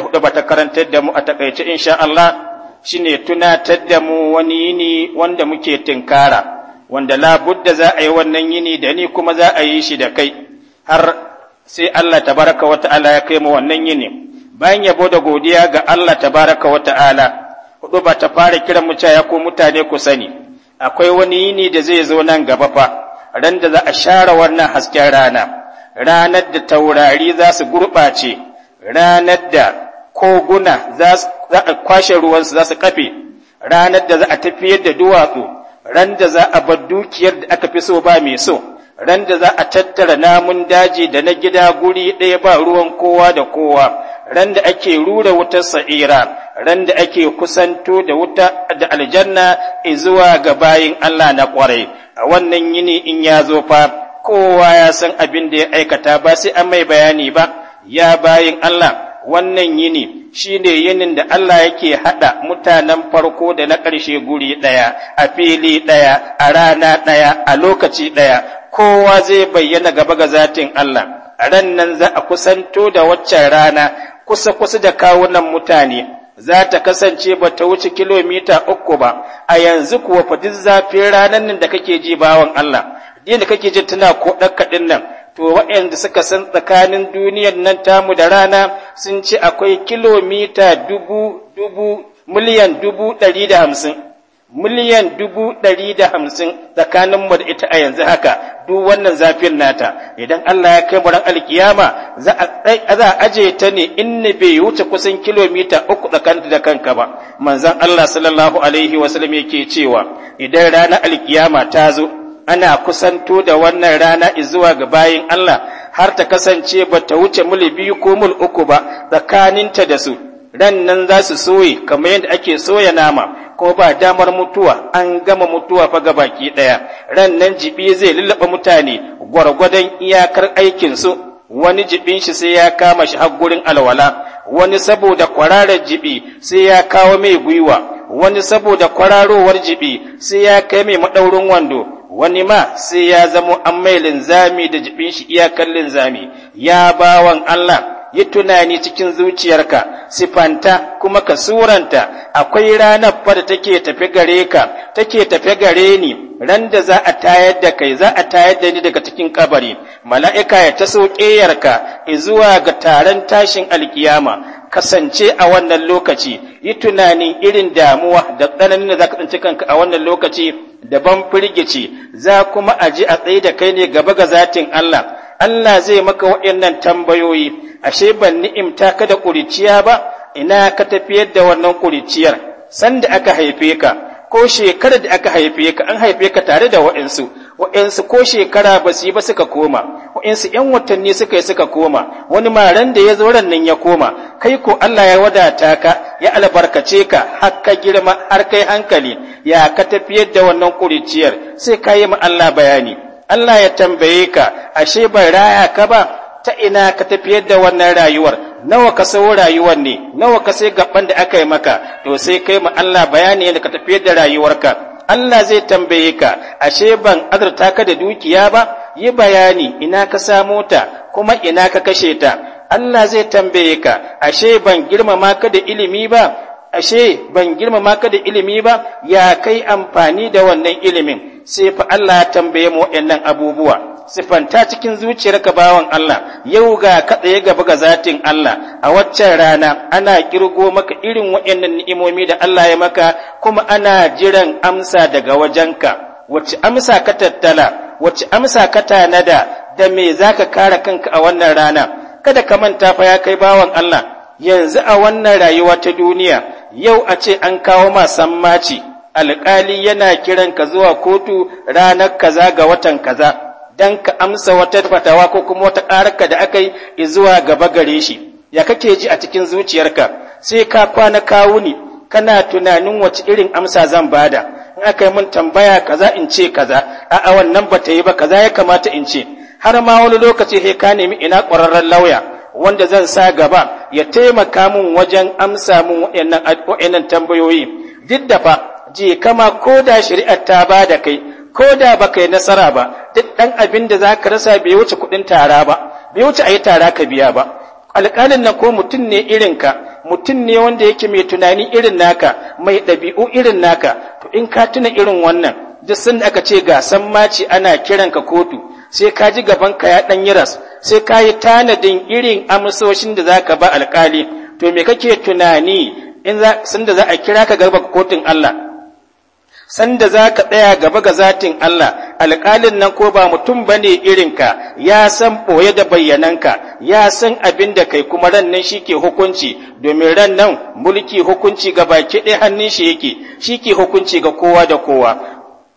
da hudu ba karantar da mu a takaice insha Allah shine tunatar da mu wani yini wanda muke tinkara wanda budda za a yi wannan yini da ni kuma za a yi shi da kai har sai Allah tabaraka wa ta'ala ya kai mu wannan yini bayan yabo da godiya ga Allah tabaraka wa ta'ala hudu ba ta fara kiran mu ya ko mutane ku sani akwai wani yini da zai zo nan gaba fa ran da za a share wannan hasken rana ranar da taurari za su gurɓace ranar da koguna za a kwashe ruwansu za su kafe ranar da za a tafiyar da duwatsu ran da za a bar dukiyar da aka fi so ba mai so ran da za a tattara namun daji da na gida guri ɗaya ba ruwan kowa da kowa ran da ake rura wutar sa'ira ran da ake kusanto da wuta da aljanna zuwa ga bayin Allah na kwarai a wannan yini in ya zo fa kowa ya san abin da ya aikata ba sai an mai bayani ba ya bayin Allah wannan yini shi ne yinin da Allah yake haɗa mutanen farko da na ƙarshe guri ɗaya a fili ɗaya a rana ɗaya a lokaci ɗaya kowa zai bayyana gaba ga zatin Allah Rannan ran nan za a kusanto da waccan rana kusa kusa da kawunan mutane za ta kasance ba ta wuce kilomita uku ba a yanzu kuwa fa zafin ranar nan da kake ji bawan Allah yadda kake jin tana ko ɗin nan to waɗanda suka san tsakanin duniyar nan tamu da rana sun ce akwai kilomita dubu dubu miliyan dubu ɗari da hamsin miliyan dubu ɗari da hamsin tsakanin mu da ita a yanzu haka duk wannan zafin nata idan Allah ya kai mu ran alkiyama za a aje ta ne in bai wuce kusan kilomita uku tsakanin da kanka ba manzon Allah sallallahu alaihi wasallam yake cewa idan rana alkiyama ta zo ana kusanto da wannan rana izuwa ga bayin Allah har ta kasance ba ta wuce mul biyu ko mul uku ba tsakaninta da su ran nan za su soye kamar yadda ake soya nama ko ba damar mutuwa an gama mutuwa fa ga baki ɗaya ran nan jibi zai lullaba mutane gwargwadon iyakar aikinsu wani jibin shi sai ya kama shi har gurin alwala wani saboda kwararar jibi sai ya kawo mai gwiwa wani saboda kwararowar jibi sai ya kai mai maɗaurin wando wani ma sai ya zamo an mai linzami da jibin shi iyakar linzami ya bawan Allah yi tunani cikin zuciyarka sifanta kuma ka suranta akwai ranar fa da take tafi gare ka take tafi gare ni ran da za a tayar da kai za a tayar da ni daga cikin kabari mala'ika ya ta sauƙeyarka zuwa ga taron tashin alkiyama kasance a wannan lokaci yi tunani irin damuwa da tsananin da za ka tsinci kanka a wannan lokaci daban firgici za kuma a ji a tsaye da kai ne gaba ga zatin Allah Allah zai maka waɗannan tambayoyi ashe ban ni'imta ka da ƙuriciya ba ina ka tafiyar da wannan ƙuriciyar sanda aka haife ka ko shekarar da aka haife ka an haife ka tare da waɗansu wa'yansu ko shekara ba su yi ba suka koma wa'yansu ‘yan watanni suka yi suka koma wani maran da ya zo nan ya koma kai ko Allah ya wadata ka ya albarkace ka har ka girma har kai hankali ya ka tafiyar da wannan ƙuriciyar sai ka yi ma Allah bayani Allah ya tambaye ka ashe bai raya ka ba ta ina ka tafiyar da wannan rayuwar nawa ka sayo rayuwar ne nawa ka sai gaban da aka yi maka to sai kai ma Allah bayani yadda ka tafiyar da rayuwarka Allah zai tambaye ka ashe ban azurta ka da dukiya ba yi bayani ina ka samo ta kuma ina ka kashe ta Allah zai tambaye ka ashe ban girmama ka da ilimi ba ashe ban girmama ka da ilimi ba ya kai amfani da wannan ilimin sai fa Allah ya tambaye mu waɗannan abubuwa sifanta cikin zuciyarka bawan Allah yau ga ka tsaye gaba ga zatin Allah a waccan rana ana kirgo maka irin waɗannan ni'imomi da Allah ya maka kuma ana jiran amsa daga wajenka wacce amsa ka tattala wacce amsa ka tanada da me zaka kare kanka a wannan rana kada ka manta fa ya kai bawan Allah yanzu a wannan rayuwa ta duniya yau a ce an kawo ma sammaci alƙali yana kiranka zuwa kotu ranar kaza ga watan kaza dan ka amsa wata fatawa ko kuma wata ƙararka da aka yi zuwa gaba gare shi ya kake ji a cikin zuciyarka sai ka kwana kawuni kana tunanin wace irin amsa zan bada in aka yi min tambaya kaza in ce kaza a'a wannan ba ta yi ba kaza ya kamata in ce har ma wani lokaci sai ka nemi ina ƙwararren lauya wanda zan sa gaba ya taimaka min wajen amsa min waɗannan tambayoyi duk da fa je kama ko da shari'ar ta bada kai ko da baka yi nasara ba duk ɗan abin da za ka rasa bai wuce kuɗin tara ba bai wuce a yi tara ka biya ba alƙalin nan ko mutum ne irin ka mutum ne wanda yake mai tunani irin naka mai ɗabi'u irin naka to in ka tuna irin wannan duk sun aka ce gasan maci ana kiranka kotu sai ka ji ka ya ɗan yi ras sai ka yi tanadin irin amsoshin da za ka ba alƙali to me kake tunani in sun da za a kira ka garba kotun Allah sanda za ka tsaya gaba ga zatin Allah alƙalin nan ko ba mutum ba ne ka ya san ɓoye da bayyananka ya san abin da kai kuma ran nan shi ke hukunci domin ran nan mulki hukunci ga baki ɗaya hannun shi yake shi ke hukunci ga kowa da kowa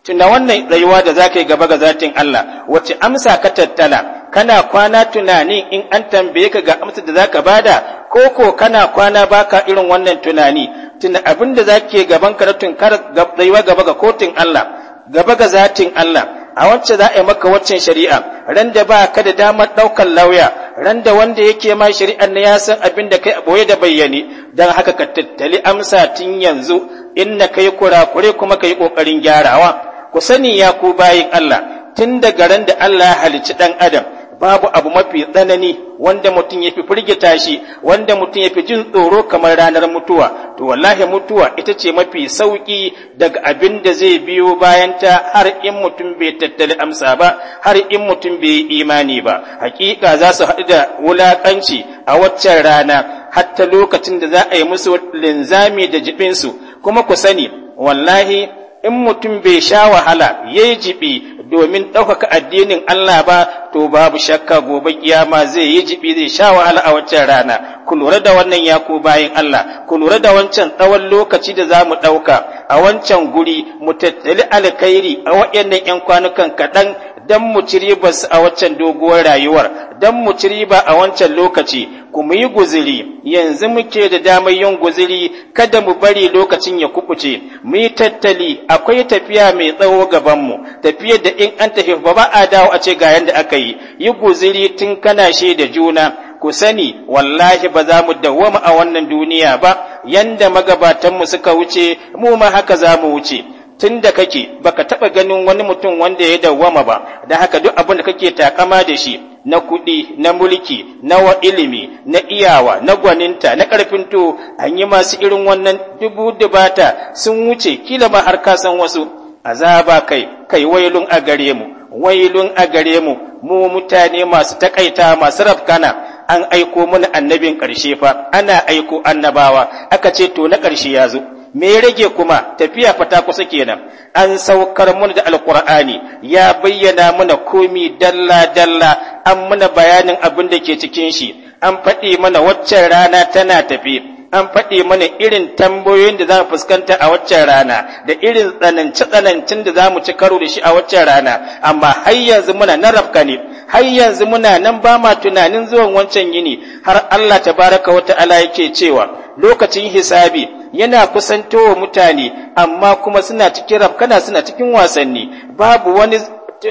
tunda wannan rayuwa da za ka yi gaba ga zatin Allah wace amsa ka tattala kana kwana tunani in an tambaye ka ga amsa da za ka bada ko ko kana kwana baka irin wannan tunani tunda abin da za gaban ka na tunkar gaba ga kotun Allah gaba ga zatin Allah a wacce za a yi maka waccan shari'a ran da ba ka da damar ɗaukar lauya ran da wanda yake ma shari'ar na ya san abin da kai boye da bayyane don haka ka tattali amsa tun yanzu inna na kai kurakure kuma ka yi ƙoƙarin gyarawa ku sani ya ku bayin Allah tun daga ran da Allah ya halicci ɗan adam babu abu mafi tsanani wanda mutum ya fi firgita shi wanda mutum ya fi jin tsoro kamar ranar mutuwa to wallahi mutuwa ita ce mafi sauƙi daga abin da zai biyo bayan ta har in mutum bai tattali amsa ba har in mutum bai yi imani ba hakika za su haɗu da wulaƙanci a waccan rana hatta lokacin da za a yi musu linzami da jibinsu kuma ku sani wallahi in mutum bai sha wahala yayi yi jibi domin ɗaukaka addinin Allah ba to babu shakka gobe kiyama zai yi jibi zai sha wahala a wancan rana ku lura da wannan ya ku bayin Allah ku lura da wancan tsawon lokaci da za mu ɗauka a wancan guri mu tattali alkhairi a waɗannan ƴan kwanukan kaɗan don mu ci ribarsu a waccan doguwar rayuwar don mu ci riba a wancan lokaci ku mu yi guziri yanzu muke da damar yin guziri kada mu bari lokacin ya kubuce mu yi tattali akwai tafiya mai tsawo gabanmu tafiyar da in an tafi ba ba a dawo a ce ga yanda aka yi yi guziri tun kana shi da juna ku sani wallahi ba za mu dawwama a wannan duniya ba yanda magabatanmu suka wuce mu ma haka za mu wuce tun da kake baka taɓa ganin wani mutum wanda ya dawwama ba da haka duk abin da kake takama da shi na kuɗi na mulki na wa ilimi na iyawa na gwaninta na ƙarfin to an yi masu irin wannan dubu dubata sun wuce kila ma har kasan wasu azaba kai kai wailun a gare mu wailun a gare mu mu mutane masu takaita masu rafkana an aiko mana annabin ƙarshe fa ana aiko annabawa aka ce to na ƙarshe ya zo me ya rage kuma tafiya fata kusa kenan an saukar mun da alkur'ani ya bayyana mana komi dalla dalla an mana bayanin abin da ke cikin shi an faɗi mana waccan rana tana tafi an faɗi mana irin tambayoyin da za mu fuskanta a waccan rana da irin tsananci tsanancin da za mu ci karo da shi a waccan rana amma har yanzu muna na rafka ne har yanzu muna nan ba ma tunanin zuwan wancan yini har Allah tabaraka wa ta'ala yake cewa lokacin hisabi yana kusantowa mutane amma kuma suna cikin rafkana suna cikin wasanni babu wani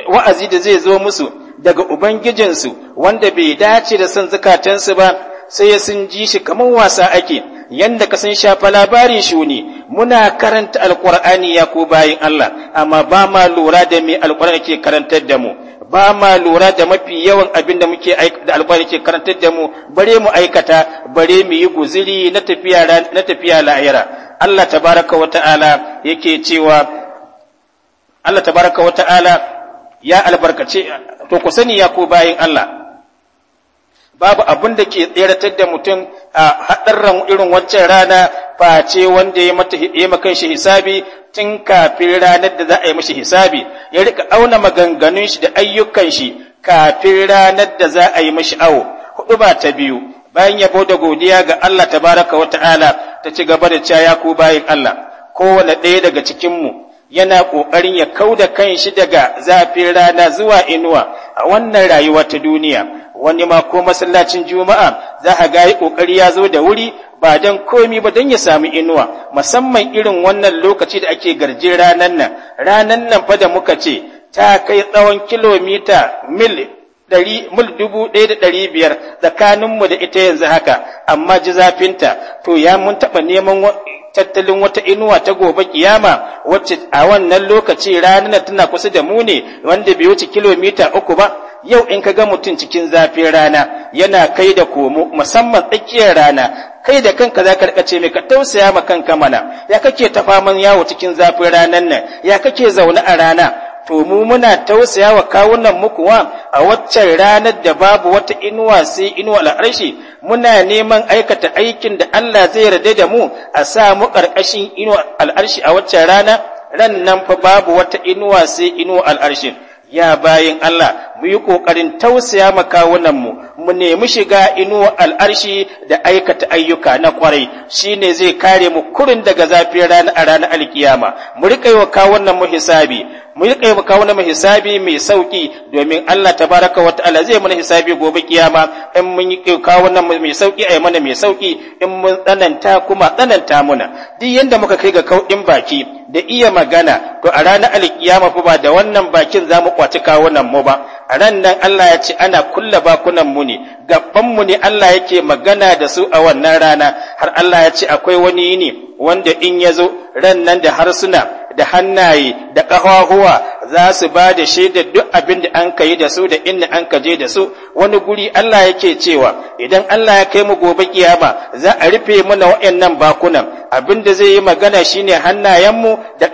wa'azi da zai zo musu daga ubangijinsu wanda bai dace da son zukatansu ba sai sun ji shi kamar wasa ake yanda ka sun shafa labarin shuni muna karanta alkur'ani ya ko bayin Allah amma ba ma lura da me alkur'ani ke karantar da mu ba ma lura da mafi yawan abin da muke da alƙwari ke karantar da mu bare mu aikata bare mu yi guziri na tafiya na tafiya la'ira Allah tabaraka wa ta'ala yake cewa Allah tabaraka wa ta'ala ya albarkace to ku sani ya ku bayin Allah babu abin da ke tseratar da mutum a haɗarran irin waccan rana face wanda ya mata ya makan shi hisabi tun kafin ranar da za a yi mashi hisabi ya rika auna maganganun shi da ayyukan shi kafin ranar da za a yi mashi awo hudu ba ta biyu bayan yabo da godiya ga Allah baraka wa ta'ala ta ci gaba da caya ko bayan Allah kowane ɗaya daga cikin mu yana ƙoƙarin ya kau da kan shi daga zafin rana zuwa inuwa a wannan rayuwa ta duniya wani ma ko masallacin juma'a za a ga yi ƙoƙari ya zo da wuri ba don komi ba don ya samu inuwa musamman irin wannan lokaci da ake garjin ranar nan ranan nan fa da muka ce ta kai tsawon kilomita mil mil dubu ɗaya da ɗari biyar tsakaninmu da ita yanzu haka amma ji zafinta to ya mun taɓa neman tattalin wata inuwa ta gobe kiyama wacce a wannan lokaci ranar tana kusa da mu ne wanda bai wuce kilomita uku ba yau in ka ga mutum cikin zafin rana yana kai da komo musamman tsakiyar rana kai da kanka za ka rikace mai ka tausaya ma kanka mana ya kake ta faman yawo cikin zafin ranan nan ya kake zaune a rana to mu muna tausaya wa kawunan mu kuwa a waccan ranar da babu wata inuwa sai inuwa al'arshi muna neman aikata aikin da Allah zai yarda da mu a sa mu karkashin inuwa al'arshi a waccan rana ran nan fa babu wata inuwa sai inuwa al'arshi. ya bayin Allah mu yi ƙoƙarin tausaya makawunanmu mu nemi shiga inuwa al'arshi da aikata ayyuka na kwarai shi ne zai kare mu kurin daga zafin rana a ranar alkiyama mu riƙa yi wa kawunanmu hisabi mu riƙa yi wa kawunanmu hisabi mai sauƙi domin Allah Ta baraka wa ta'ala zai mana hisabi gobe kiyama in mun yi kawunanmu mai sauƙi a mana mai sauƙi in mun tsananta kuma tsananta muna duk yadda muka kai ga kauɗin baki da iya magana to a ranar alkiyama fa ba da wannan bakin zamu kwaci kawunan mu ba a ran nan Allah ya ce ana kulla bakunan mu ne gaban mu ne Allah yake magana da su a wannan rana har Allah ya ce akwai wani ne wanda in ya zo ran nan da harsuna da hannaye da ƙahahuwa za su ba da shaidar duk abin da an ka yi da su da inda an ka je da su wani guri Allah yake cewa idan Allah ya kai mu gobe kiyama za a rufe mana waɗannan bakunan abin da zai yi magana shine hannayenmu da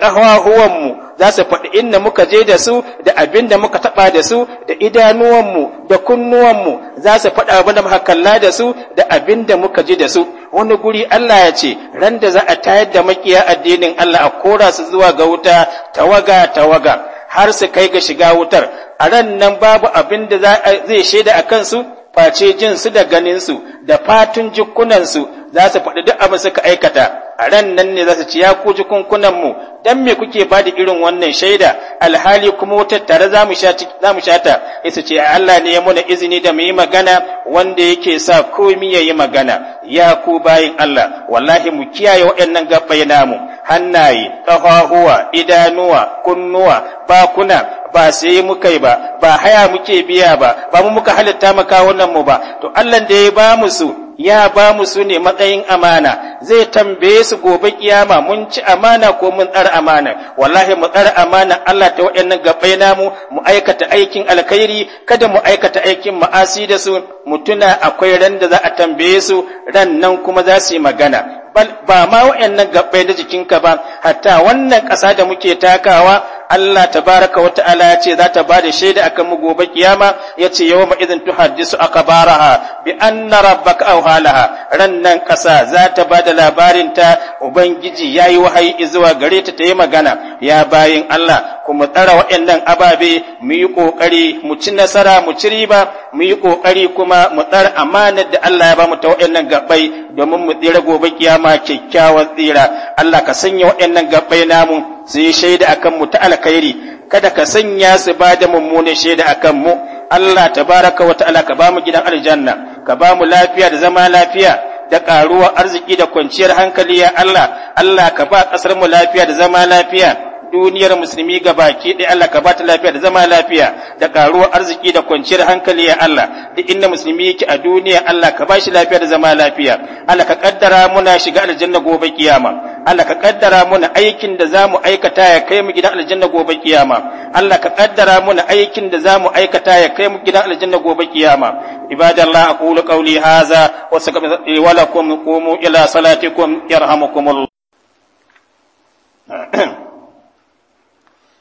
mu za su faɗi inda muka je da su da abin da muka taɓa da su da idanuwanmu da kunnuwanmu za su faɗa abin da muka kalla da su da abin da muka je da su wani guri Allah ya ce ran da za a tayar da makiya addinin Allah a kora su zuwa ga wuta tawaga tawaga har su kai ga shiga wutar a ran nan babu abin da zai shaida a kansu face jinsu da ganinsu da fatun jikunansu za su faɗi duk abin suka aikata ran nan ne za su ci ya ku ji mu dan me kuke ba da irin wannan shaida alhali kuma wata tare za mu sha za mu shata sai su ce Allah ne ya muna izini da mu yi magana wanda yake sa komi ya yi magana ya ku bayin Allah wallahi mu kiyaye waɗannan gabbai namu hannaye ƙafafuwa idanuwa kunnuwa bakuna ba sai muka yi ba ba haya muke biya ba ba mu muka halitta maka wannan mu ba to Allah da ya ba mu su ya ba mu su ne matsayin amana zai tambaye su gobe kiyama mun ci amana ko mun tsar amana wallahi mu tsar amana Allah ta waɗannan gabbai namu mu aikata aikin alkhairi kada mu aikata aikin ma'asi da su mutuna akwai ran da za a tambaye su ran nan kuma za su yi magana ba ma waɗannan gabbai na jikinka ba hatta wannan ƙasa da muke takawa Allah tabaraka wa ta'ala ya ce za ta ba da shaida akan mu gobe kiyama ya ce yawma hadisu aka baraha bi anna rabbaka awhalaha ran Rannan kasa za ta ba da labarin ta ubangiji yayi wahayi zuwa gare ta ta yi magana ya bayin Allah kuma tsara waɗannan ababe mu yi kokari mu ci nasara mu ci riba mu yi kokari kuma mu tsara amanar da Allah ya ba mu ta waɗannan gaɓai domin mu tsira gobe kiyama kyakkyawan tsira Allah ka sanya waɗannan gaɓai namu su yi shaida a kanmu ta alkhairi kada ka sanya su ba da mummunan shaida a kanmu Allah tabaraka wa ta'ala ka bamu gidan aljanna ka bamu lafiya da zama lafiya da karuwa arziki da kwanciyar hankali ya Allah Allah ka ba kasar mu lafiya da zama lafiya duniyar musulmi ga baki ɗaya Allah ka ba ta lafiya da zama lafiya da karuwa arziki da kwanciyar hankali ya Allah duk inda musulmi yake a duniya Allah ka ba shi lafiya da zama lafiya Allah ka kaddara muna shiga aljanna gobe kiyama Allah ka kaddara muna aikin da za mu aikata ya kai mu gidan aljanna gobe kiyama Allah ka kaddara muna aikin da za mu aikata ya kai mu gidan aljanna gobe kiyama ibadallah aqulu qawli hadha wa sakabtu wa lakum qumu ila salatikum yarhamukumullah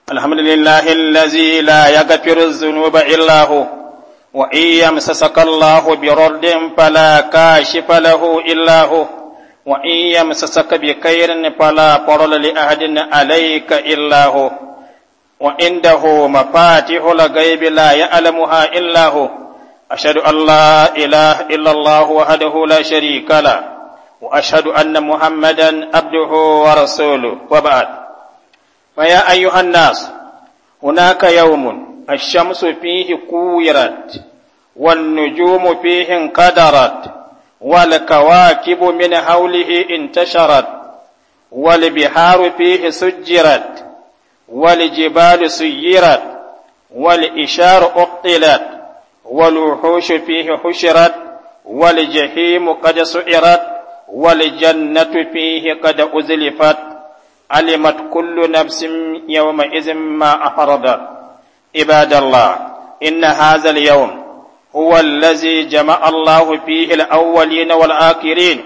الحمد لله الذي لا يغفر الذنوب إلا هو وإن يمسسك الله برد فلا كاشف له إلا هو wa in yamsasaka bi khairin fala qarala li ahadin alayka illa hu wa indahu mafatihul ghaibi la ya'lamuha illa hu ashhadu an la ilaha illa allah wahdahu la sharika la wa ashhadu anna muhammadan abduhu wa rasuluhu wa ba'd fa ya ayyuhan nas hunaka yawmun ash-shamsu fihi quyirat wan-nujumu fihi qadarat والكواكب من حوله انتشرت والبحار فيه سجرت والجبال سيرت والإشار أقتلت والوحوش فيه حشرت والجحيم قد سئرت والجنة فيه قد أزلفت علمت كل نفس يومئذ ما أفرضت عباد الله إن هذا اليوم هو الذي جمع الله فيه الأولين والآخرين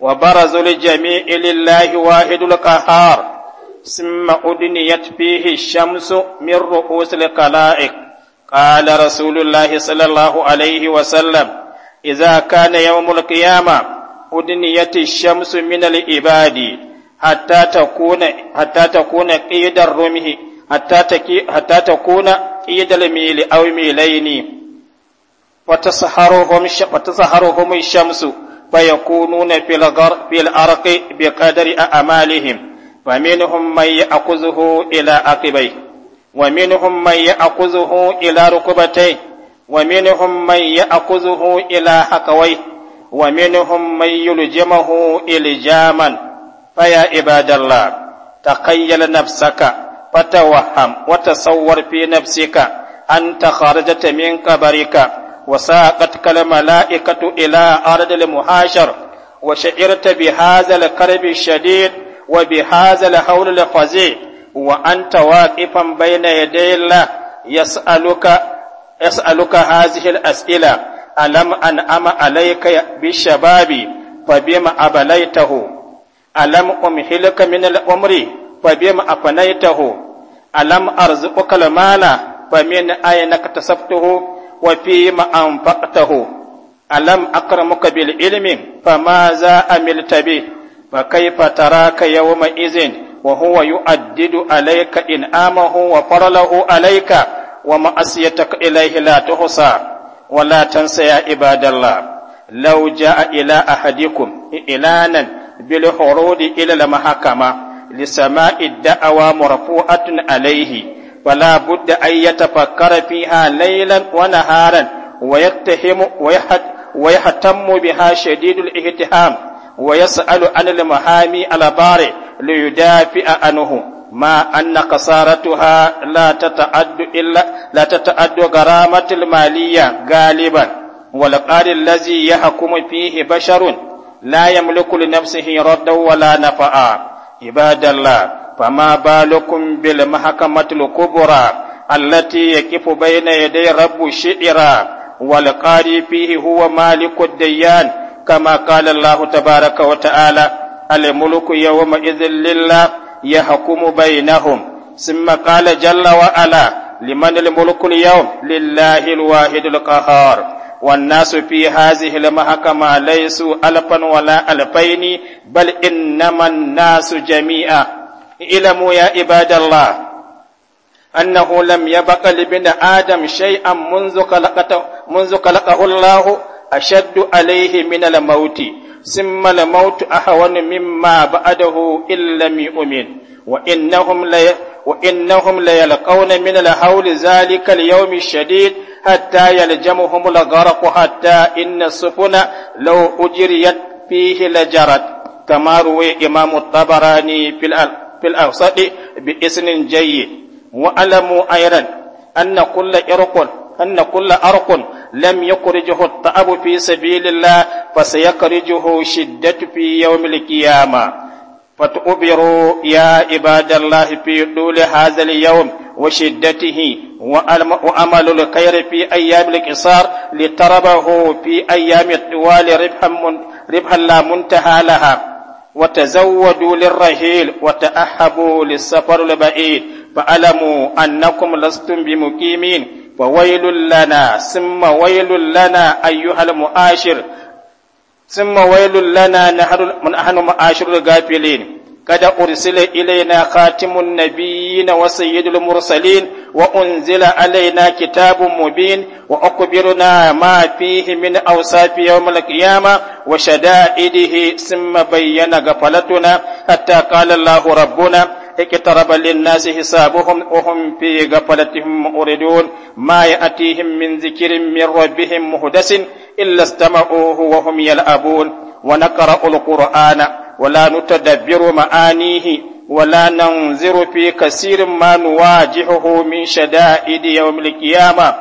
وبرز الجميع لله واحد القهار ثم أدنيت فيه الشمس من رؤوس القلائق قال رسول الله صلى الله عليه وسلم إذا كان يوم القيامة أدنيت الشمس من العباد حتى تكون حتى تكون قيد الرمح حتى حتى تكون قيد الميل أو ميلين wata saharohom wata saharohom shamsu fa nuna fil gar fil arqi bi qadari a'malihim wa minhum may ya'khuzuhu ila aqibai wa minhum may ya'khuzuhu ila rukbatai wa minhum may ya'khuzuhu ila haqawai wa minhum may yuljimahu ilijaman fa ya ibadallah taqayyal nafsaka fatawaham wa tasawwar fi nafsika anta kharajata min kabarika وساقتك الملائكة إلى أرض المحاشر وشعرت بهذا الكرب الشديد وبهذا الهول الفظيع وأنت واقفا بين يدي الله يسألك يسألك هذه الأسئلة ألم أنعم عليك بالشباب فبما أبليته ألم أمهلك من الأمر فبما أفنيته ألم أرزقك المال فمن أين اكتسبته wa fi ma anfaqtahu alam akramuka bil ilmi fama za amilta bi fa kaifa taraka yawma izin wa huwa yu'addidu alayka in'amahu wa faralahu alayka wa ma'asiyataka ilayhi la tuhsa wa la tansa ya ibadallah law a ila ahadikum ilanan bil hurudi ila al mahkama li sama'i da'awa marfu'atun alayhi فلا بد أن يتفكر فيها ليلا ونهارا ويتهم ويهتم بها شديد الاهتهام ويسأل عن المحامي البارئ ليدافئ عنه ما أن خسارتها لا تتعد إلا لا تتعد غرامة المالية غالبا والقال الذي يحكم فيه بشر لا يملك لنفسه ردا ولا نفعا عباد الله فما بالكم بالمحكمة الكبرى التي يكف بين يدي رب الشعرى والقاري فيه هو مالك الديان كما قال الله تبارك وتعالى الملك يومئذ لله يحكم بينهم ثم قال جل وعلا لمن الملك اليوم لله الواحد القهار والناس في هذه المحكمة ليسوا ألفا ولا ألفين بل إنما الناس جميعا اعلموا يا عباد الله أنه لم يبق لبن آدم شيئا منذ خلقته منذ خلقه الله أشد عليه من الموت ثم الموت أهون مما بعده إن لم يؤمن وإنهم لي وإنهم ليلقون من الهول ذلك اليوم الشديد حتى يلجمهم الغرق حتى إن السفن لو أجريت فيه لجرت كما روي إمام الطبراني في الألف في الأوسط بإسن جيد وألموا أيضا أن كل إرق أن كل أرق لم يخرجه التعب في سبيل الله فسيخرجه شدة في يوم القيامة فتؤبروا يا عباد الله في طول هذا اليوم وشدته وأمل الخير في أيام الكسار لتربه في أيام الطوال ربحا, ربحا لا منتهى لها وتزودوا للرحيل وتأهبوا للسفر البعيد فألموا أنكم لستم بمقيمين وويل لنا ثم ويل لنا أيها المؤاشر ثم ويل لنا نحن معاشر الغافلين قد أرسل إلينا خاتم النبيين وسيد المرسلين وأنزل علينا كتاب مبين وأخبرنا ما فيه من أوصاف يوم القيامة وشدائده ثم بين غفلتنا حتى قال الله ربنا اقترب للناس حسابهم وهم في غفلتهم مؤردون ما يأتيهم من ذكر من ربهم مهدس إلا استمعوه وهم يلعبون ونقرأ القرآن ولا نتدبر معانيه ولا ننظر في كثير ما نواجهه من شدائد يوم القيامة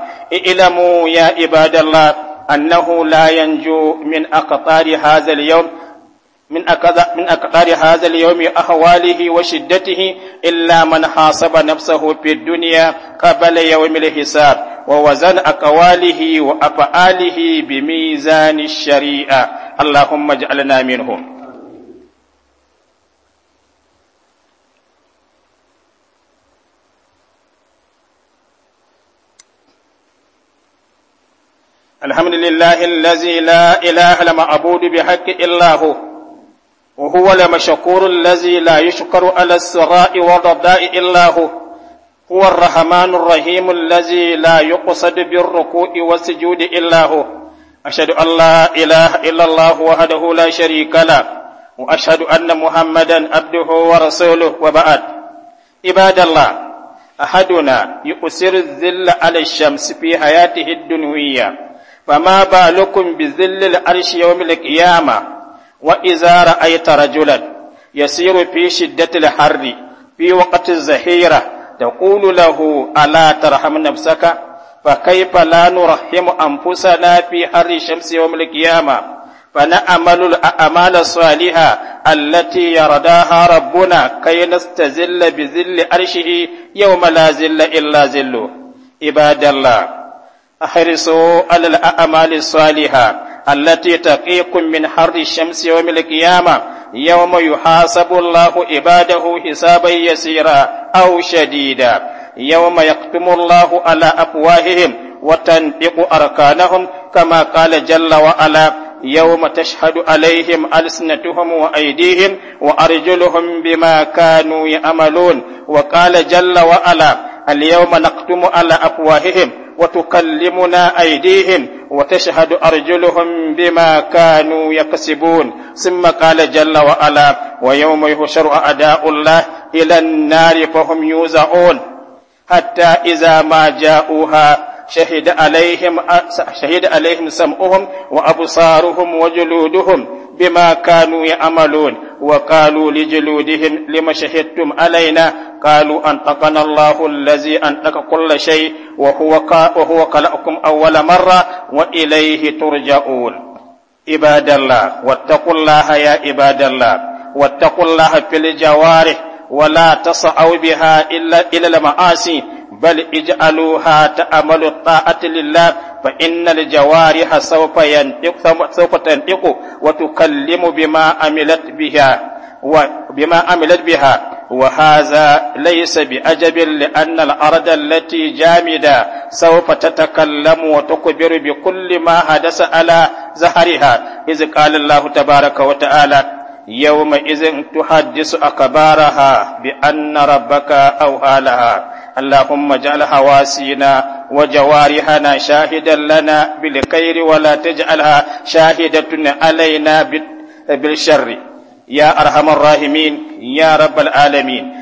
اعلموا يا عباد الله أنه لا ينجو من أقطار هذا اليوم من من أقطار هذا اليوم أحواله وشدته إلا من حاسب نفسه في الدنيا قبل يوم الحساب ووزن أقواله وأفعاله بميزان الشريعة اللهم اجعلنا منهم الحمد لله الذي لا إله لمعبود بحق إلا هو وهو لمشكور الذي لا يشكر على السراء والرداء إلا هو هو الرحمن الرحيم الذي لا يقصد بالركوع والسجود إلا هو أشهد أن لا إله إلا الله وحده لا شريك له وأشهد أن محمدا عبده ورسوله وبعد عباد الله أحدنا يؤسر الذل على الشمس في حياته الدنيوية fama balukum bi zillil arshi yawmil qiyama wa idza ra'aita rajulan yasiru fi shiddatil harri fi waqti zahira taqulu lahu ala tarham nafsaka fa kayfa la nurahhimu anfusana fi harri shamsi yawmil qiyamah فنعمل الأعمال الصالحة التي يرداها ربنا كي نستزل بذل عرشه يوم لا زل إلا زله عباد الله احرصوا على الأعمال الصالحة التي تقيكم من حر الشمس يوم القيامة يوم يحاسب الله عباده حسابا يسيرا أو شديدا يوم يختم الله على أفواههم وتنطق أركانهم كما قال جل وعلا يوم تشهد عليهم ألسنتهم وأيديهم وأرجلهم بما كانوا يعملون وقال جل وعلا اليوم نقتم على أفواههم وتكلمنا أيديهم وتشهد أرجلهم بما كانوا يكسبون ثم قال جل وعلا ويوم يحشر أعداء الله إلى النار فهم يوزعون حتى إذا ما جاءوها شهد عليهم شهد عليهم سمعهم وأبصارهم وجلودهم بما كانوا يعملون وقالوا لجلودهم لما شهدتم علينا قالوا أنطقنا الله الذي أنطق كل شيء وهو وهو خلقكم أول مرة وإليه ترجعون عباد الله واتقوا الله يا عباد الله واتقوا الله في الجوارح ولا تصعوا بها إلا إلى المعاصي بل اجعلوها تأمل الطاعة لله fa innal jawariha sawfa yantiqu sawfa tantiqu wa tukallimu bima amilat biha wa bima amilat biha wa hadha laysa bi ajabin li anna al arda allati jamida sawfa tatakallamu wa tukbiru bi kulli ma hadasa ala zahariha iz qala allah tabaraka wa ta'ala yawma idhin tuhaddisu akbaraha bi anna rabbaka aw alaha allahumma ja'al hawasina وجوارحنا شاهدا لنا بالخير ولا تجعلها شاهدة علينا بالشر يا أرحم الراحمين يا رب العالمين